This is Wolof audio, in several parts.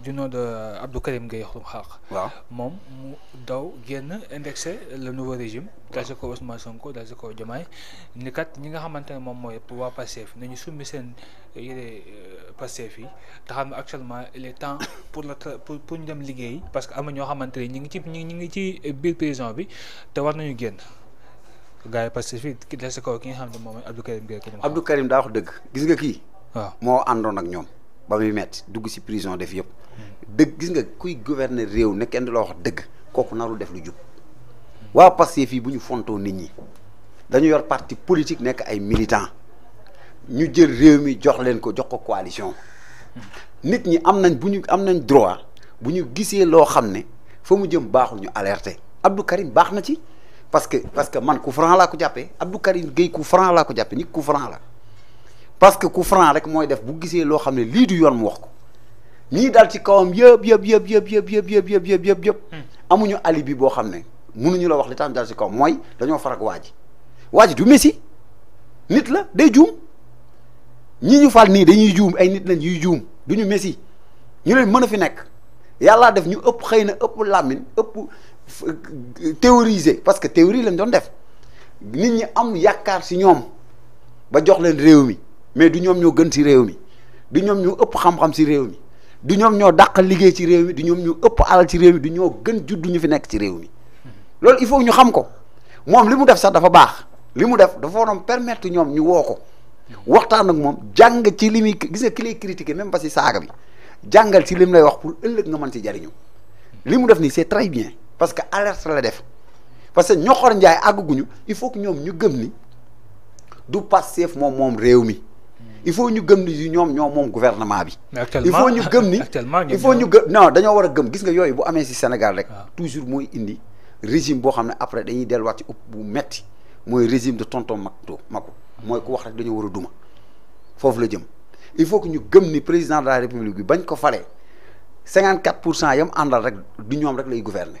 du nom de Abdoukarim Gueye xaq waaw Mom mu daw génn indexé le nouveau régime dal si ko Ousmane Sonko dal ko Diomaye ni kat ñi nga xamantene mom moy wa passef Pastef nañu summi seen euh, yére euh, Pastef yi te xam actuellement il est temps pour la pour pour ñu dem liggéey parce que am na ñoo xamante ñi ngi ci ñi ngi ci bir prison bi te war nañu génn gaay passef Pastef yi ki dal si kaw ki nga xam ne moom mooy Gueye Abdou Karim daa wax deug gis nga ki mo moo ak ñom ba muy metti dugg ci prison def yëpp dëgg gis nga kuy gouverner réew ne kenn du la wax dëgg kooku naru def lu jub waa Pastef fii bu ñu fontoo nit ñi dañu yor parti politique nekk ay militants ñu jël réew mi jox leen ko jox ko coalition nit ñi am nañ bu ñu am nañ droit bu ñu gisee loo xam ne fa mu jëm baaxul ñu alerter Abdou Karim baax na ci parce que parce que man coup franc laa ko jàppee Abdou Karim Gueye ku franc laa ko jàppe nit coup franc la parce que coup franc rek mooy def bu gisee loo xam ne lii du yoon mu wax ñii daal ci kawam yëpp yëpp yëpp yëpp yëpp yëpp yëpp yëpp yëpp yëpp yëpp amuñu alibi boo xam ne mënuñu la wax li tax ñu ci kawam mooy dañoo farag waa ji waa ji du messi nit la day juum ñi ñu fal nii dañuy juum ay nit lañ yuy juum duñu messi ñu leen mën a fi nekk yàllaa def ñu ëpp xëy na ëpp làmmiñ ëpp théoriser parce que théorie lañ doon def nit ñi am yaakaar si ñoom ba jox leen réew mi mais du ñoom ñoo gën ci réew mi du ñoom ñoo ëpp xam-xam ci réew mi du ñoom ñoo dàq liggéey ci réew mi du ñoom ñu ëpp alal ci réew mi du ñoo gën juddu ñu fi nekk ci réew mi loolu il faut ñu xam ko moom li mu def sax dafa baax li mu def dafa waroon permettre ñoom ñu woo ko waxtaan ak moom jàng ci li muy gis nga ki lay critiquer même ba si saaga bi jàngal ci li lay wax pour ëllëg nga mën si jariñu li mu def nii c'est très bien parce que alerte la def parce que ñoxor njaay àgguñu il faut ñoom ñu gëm ni du Pastef moom moom réew mi. il faut ñu gëm ni ñom ñom moom gouvernement bi. il faut ñu gëm ni il faut ñu non dañu wara gëm gis nga yoy bu amé ci Sénégal rek. Ah. toujours moy indi régime bo xamné après dañuy delluwaat ci upp bu metti moy régime de tonton Macdo mako moy ku wax rek dañu wara duma fofu la jëm il faut que ñu gëm ni président de la république bi bañ ko falé 54 yam andal rek du ñom rek lay gouverner.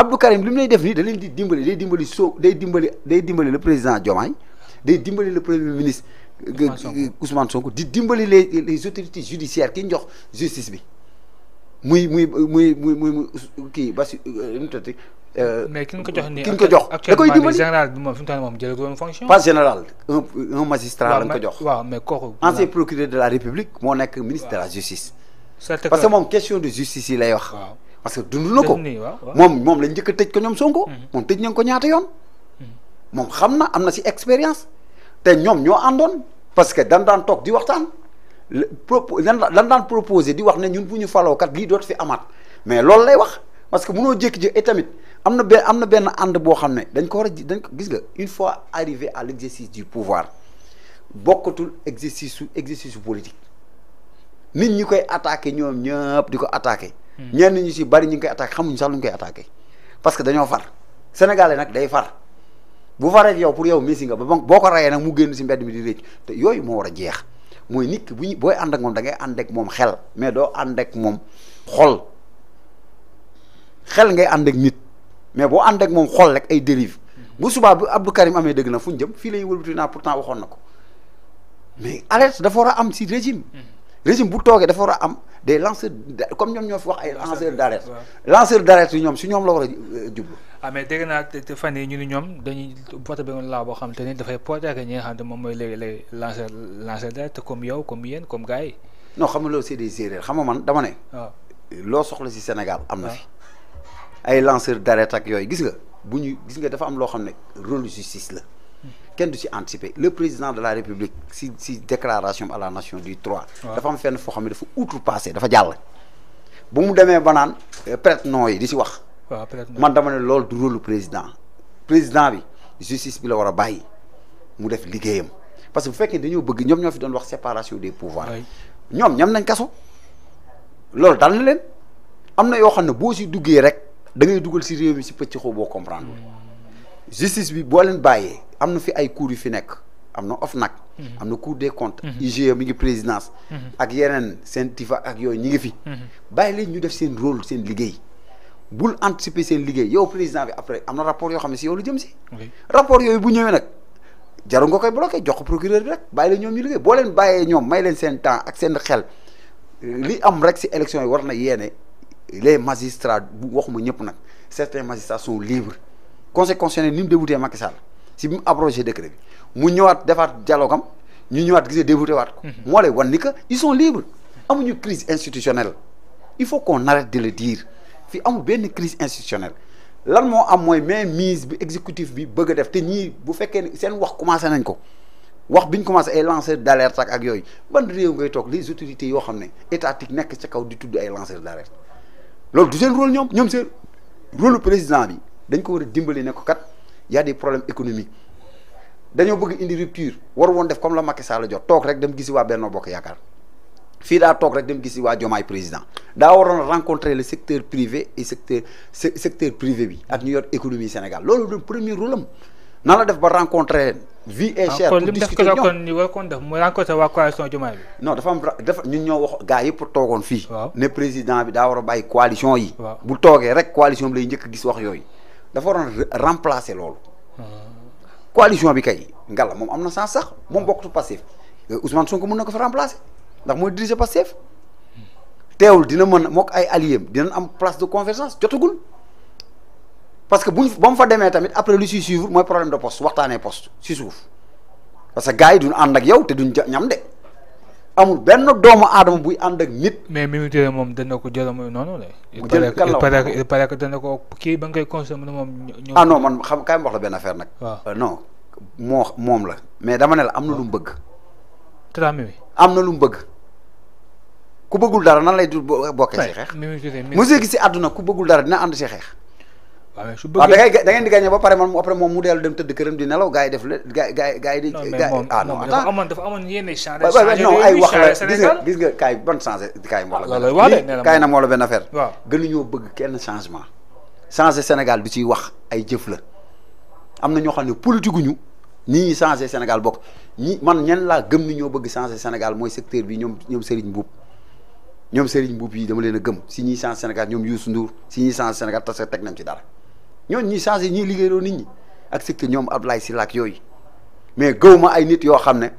Abdou Karim li mu lay def nii da leen di dimbali day dimbali soo dimbolé, dimbali day dimbali le président Diomaye day dimbali le premier ministre Ousmane euh, euh, Sonko di dimbali les les autorités judiciaires ki jox justice bi muy muy muy muy muy kii basi euh, mu tati mais ki ñu ko jox da koy dimbali pas général un un magistrat la ñu ko jox mais ancien procureur de la république moo nekk ministre de la justice parce que mon question de justice il lay wax parce que dund na mom moom moom lañ njëkk ko ñom Sonko. mom mm-hmm. tejj nañ ko ñaata yoon. mom mm-hmm. xamna amna ci expérience te ñoom ñoo àndoon parce que dan tok di waxtan pro lan lan proposé di wax né ñun buñu ñu kat li doot fi amaat mais lool lay wax parce que mëno jëk jékki et tamit amna na benn am na benn ànd dañ ko wara dañ ko gis nga une fois arrivé à l'exercice du pouvoir bokkatul exercice exercice politique nit ñi koy attaquer ñom ñëpp diko attaquer Hmm. ñen ñu ci bari ñi ngi koy attaqué xamuñ sax lu ngi koy attaqué parce que dañoo far sénégalais nak day far bu faree yow pour yow Messi nga ba boo ko rayee mu génn ci mbéd mi di rëcc té yoy mo wara jéx moy nit bu boy and ak mom da ngay and ak mom xel mais do and ak mom xol xel ngay and ak nit mais bo and ak mom xol rek ay dérive hmm. bu suba bu Abdou Karim amé dëgg na fuñ jëm fi lay ñuy pourtant waxon nako mais alerte dafa war a am ci régime hmm. régime bu toogee dafa wara des lanceurs comme ñom wax ay lanceurs d'alerte lanceurs d'alerte ñom si la euh, ah mais dégg ñu ni ñoom dañuy te ñi lanceur lanceur comme yow comme comme non xam c'est des erreurs xam man dama ne ah. si Sénégal am na ah. lanceurs ak gis nga gis nga dafa am justice kenn du si anticiper le président de la république si déclaration à la nation du 3. dafa am fenn foo xam ne dafa outrepassé dafa jàll. bu mu demee ba naan euh, prête non yi di si wax. man dama ne loolu du rôle président président bi justice bi la war a bàyyi mu def liggéeyam parce que bu fekkee dañoo bëgg ñoom ñoo fi doon wax séparation des pouvoirs. ñoom ñam nañ kaso. loolu dal na leen am na yoo xam ne boo si duggee rek da ngay dugal si réew mi si pëcc xoo boo comprendre. Mm justice bi bo len bàyyee amna fi ay cours yu fi nek am ofnak amna mhm. am cour des comptes mhm. IGE mi ngi présidence mhm. ak yenen seen ak yoy ñi ngi fi bàyyi leen ñu def sen rôle sen liguey bul anticiper sen liguey yow président bi après am rapport yo xamni si yow lu jëm ci rapport yooyu bu ñëwé nak jaru nga koy bloqué jox ko procureur bi rek bàyyi leen ñom ñu liguey bo len bàyyee ñom may leen sen temps ak sen xel li am rek si élection yi war na yéné les magistrats waxuma ñëpp nak certains magistrats sont libres conseil constitutionnel ni mu débouté Macky Sall si bi mu abrogé décret mu ñëwaat defaat dialogue am ñu ñëwaat gisé débouté waat ko. Mhm. mo lay wan ni que ils sont libres. amuñu crise institutionnelle il faut qu'on arrête de le dire fi amu benn crise institutionnelle lan mo am mooy mise bi exécutif bi bëgg def té ñi bu fekkee sen wax commencé nañ ko wax biñ commencé ay lanceur d'alerte ak ak ban réew ngay tok les autorités yo xamné ne étatique nekk ca kaw di tudd ay lanceur d'alerte loolu du sen rôle ñom ñom seen rôle président bi dañ ko war a dimbali ne ko kat y a des problèmes économiques dañoo bëgg indi rupture war woon def comme la Macky Sall jot toog rek dem gisi waa Benno Bokk Yaakaar fii daa toog rek dem gisi waa Diomaye président daa waroon rencontrer le secteur privé et secteur secteur privé bi ak ñu yor économie Sénégal loolu doon premier rôle am nan la def ba rencontrer leen vie est ah, chère pour discuter ñoom kon li mu def kon def mu rencontré waa coalition Diomaye bi. non dafa am dafa ñun ñoo wax gars yëpp toogoon fii. ne président bi daa war a bàyyi coalition yi. bu toogee rek coalition bi lay njëkk gis wax yooyu dafa waroon remplacer loolu. coalition bi kay ngalla moom am na sens sax moom bokkut Pastef euh, Ousmane Sonko mën na ko fa remplacer ndax mooy diriger Pastef teewul dina mën mook ay alliés dinañ am place de convergence jotagul parce que buñ ba mu fa demee tamit après lu si suivre mooy problème de poste waxtaanee poste si suuf parce que gars yi duñ ànd ak yow te duñ ñam de. amul benn doomu aadama buy ànd ak nit. mais Mimi moom dana ko jël mooy noonu de. mu jël il paraît que dana ko kii ba nga koy consommé moom. ah non man xam kaay ma wax la benn affaire nag. waaw euh, non moo moom la mais dama ne la am na lu mu bëgg. tata Mimi. am na lu mu bëgg ku bëggul dara nan lay du bokkee si xeex. Mimi see musique si àdduna ku bëggul dara dina ànd si xeex. Ah, waaw su bëggee waaw da ngeen di gagné ba pare moom après moom mu dellu dem tëdd këram di nelaw gars yi def la gars yi gars yi. non mais moom nga gis nga kaay ban na moo la benn affaire. waaw gënuñoo bëgg kenn changement. changé Sénégal bi ciy wax ay jëf la am na ñoo xam ne politique gu ñu nii ñuy change Sénégal bok ñi man ñen laa gëm ni ñoo bëgg changé Sénégal mooy secteur bi ñoom ñoom Serigne Mboup ñoom Serigne Mboup yi dama leen gëm si ñuy changé Sénégal ñoom Youssou Ndour si ñuy changé Sénégal parce que teg nañ ci dara ñooñu ñi changé ñi liggéeyloo nit ñi ak surtout ñoom Ablaye Sylla ak yooyu mais gëw ay nit yoo xam ne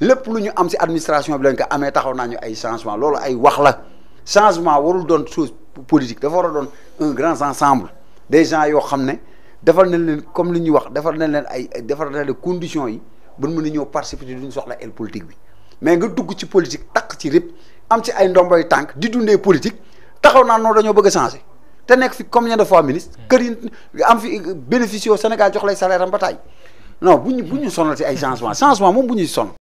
lépp lu ñu am si administration bi lañ ko amee taxaw nañu ay changement loolu ay wax la changement warul doon chose politique dafa war a doon un grand ensemble des gens yoo xam ne defal nañ leen comme li ñuy wax defal nañ leen ay defal nañ leen conditions yi ba mën a ñëw participer duñ soxla el politique bi mais nga dugg ci politique takk ci rib am ci ay ndomboy tànk di dundee politique taxaw naa noonu dañoo bëgg a changer. te nekk fi combien de fois ministre hmm. kër yi am fi bénéficié au Sénégal jox lay salaire am ba tàyyi non bu ñu bu ñu ay changement changement moom bu ñuy sonal